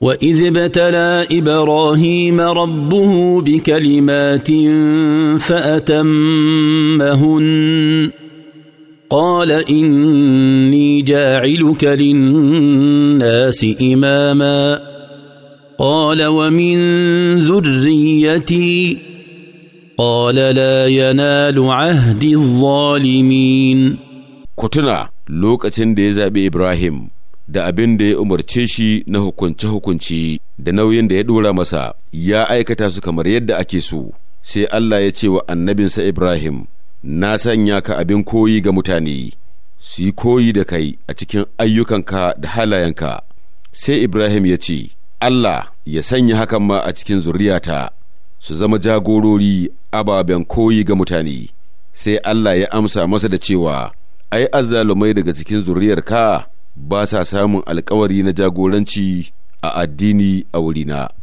واذ ابتلى ابراهيم ربه بكلمات فاتمهن قال اني جاعلك للناس اماما قال ومن ذريتي قال لا ينال عهد الظالمين كتنا لوكتن دي ابراهيم da abin da ya umarce shi na hukunce-hukunce da nauyin da ya ɗora masa ya aikata su kamar yadda ake so sai Allah ya ce wa annabinsa Ibrahim na sanya ka abin koyi ga mutane su yi koyi da kai a cikin ayyukanka da halayenka sai Ibrahim ya ce Allah ya sanya hakan ma a cikin zuriyata su zama jagorori ababen koyi ga mutane sai Allah ya amsa masa da cewa ai azzalumai daga cikin zuriyarka ba sa samun alkawari na jagoranci a addini a wurina.